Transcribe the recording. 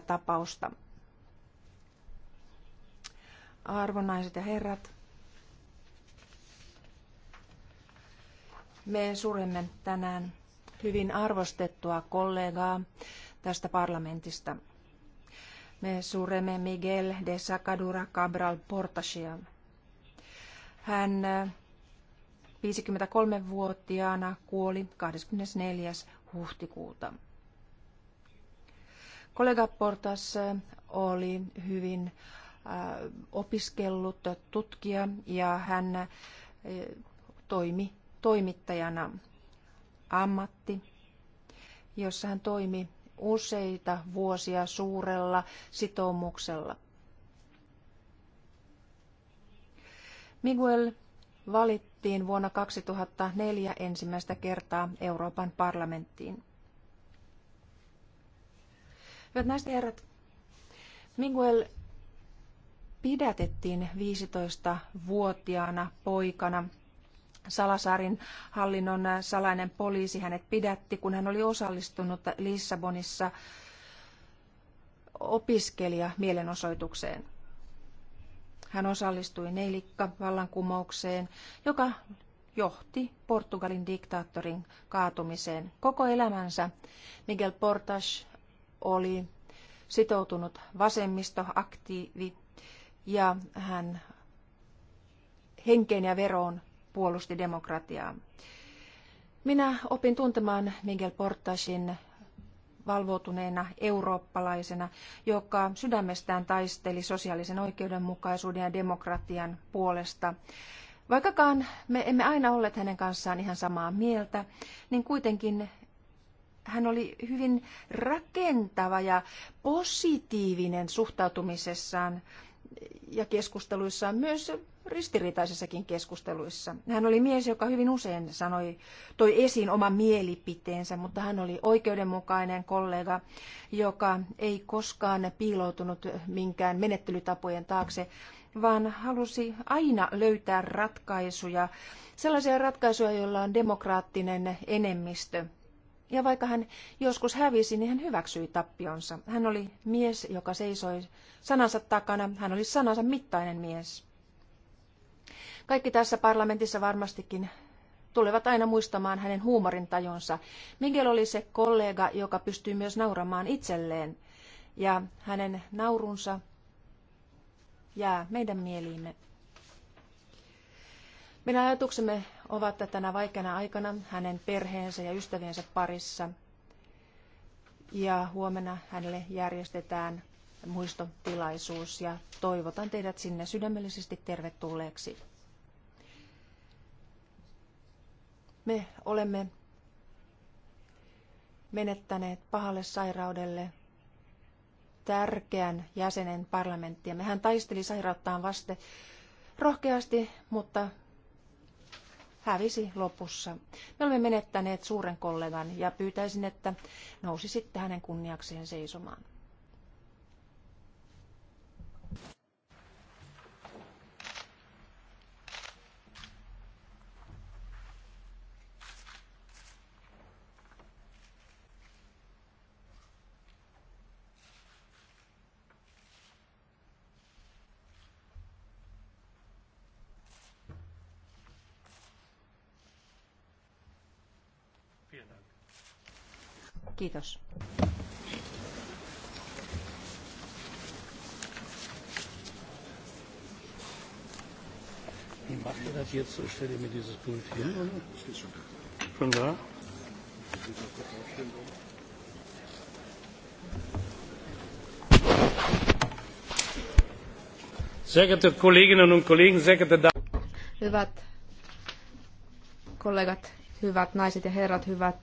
tapausta. Arvonaiset ja herrat, me suremme tänään hyvin arvostettua kollegaa tästä parlamentista. Me suremme Miguel de Sacadura Cabral Portasia. Hän 53-vuotiaana äh, kuoli 24. huhtikuuta. Kollega Portas eh, oli hyvin eh, opiskellut tutkija ja hän eh, toimi toimittajana ammatti, jossa hän toimi useita vuosia suurella sitoumuksella. Miguel valittiin vuonna 2004 ensimmäistä kertaa Euroopan parlamenttiin. Hyvät naiset ja herrat, Miguel pidätettiin 15-vuotiaana poikana. Salasarin hallinnon salainen poliisi hänet pidätti, kun hän oli osallistunut Lissabonissa opiskelija mielenosoitukseen. Hän osallistui neilikka vallankumoukseen, joka johti Portugalin diktaattorin kaatumiseen. Koko elämänsä Miguel Portas oli sitoutunut vasemmistoaktiivi ja hän henkeen ja veroon puolusti demokratiaa. Minä opin tuntemaan Miguel Portasin valvoutuneena eurooppalaisena, joka sydämestään taisteli sosiaalisen oikeudenmukaisuuden ja demokratian puolesta. Vaikkakaan me emme aina olleet hänen kanssaan ihan samaa mieltä, niin kuitenkin hän oli hyvin rakentava ja positiivinen suhtautumisessaan ja keskusteluissaan, myös ristiriitaisissakin keskusteluissa. Hän oli mies, joka hyvin usein sanoi, toi esiin oman mielipiteensä, mutta hän oli oikeudenmukainen kollega, joka ei koskaan piiloutunut minkään menettelytapojen taakse, vaan halusi aina löytää ratkaisuja, sellaisia ratkaisuja, joilla on demokraattinen enemmistö ja vaikka hän joskus hävisi, niin hän hyväksyi tappionsa. Hän oli mies, joka seisoi sanansa takana. Hän oli sanansa mittainen mies. Kaikki tässä parlamentissa varmastikin tulevat aina muistamaan hänen huumorintajonsa. Miguel oli se kollega, joka pystyi myös nauramaan itselleen. Ja hänen naurunsa jää meidän mieliimme. Meidän ajatuksemme ovat tänä vaikeana aikana hänen perheensä ja ystäviensä parissa. Ja huomenna hänelle järjestetään muistotilaisuus ja toivotan teidät sinne sydämellisesti tervetulleeksi. Me olemme menettäneet pahalle sairaudelle tärkeän jäsenen parlamenttia. hän taisteli sairauttaan vasten rohkeasti, mutta hävisi lopussa. Me olemme menettäneet suuren kollegan ja pyytäisin, että nousisitte hänen kunniakseen seisomaan. Kiitos. Wie macht ihr das jetzt? mir dieses Pult hin, oder? Schon da? Sehr geehrte Kolleginnen und Kollegen, sehr geehrte Damen. Hyvät kollegat, hyvät naiset ja herrat, hyvät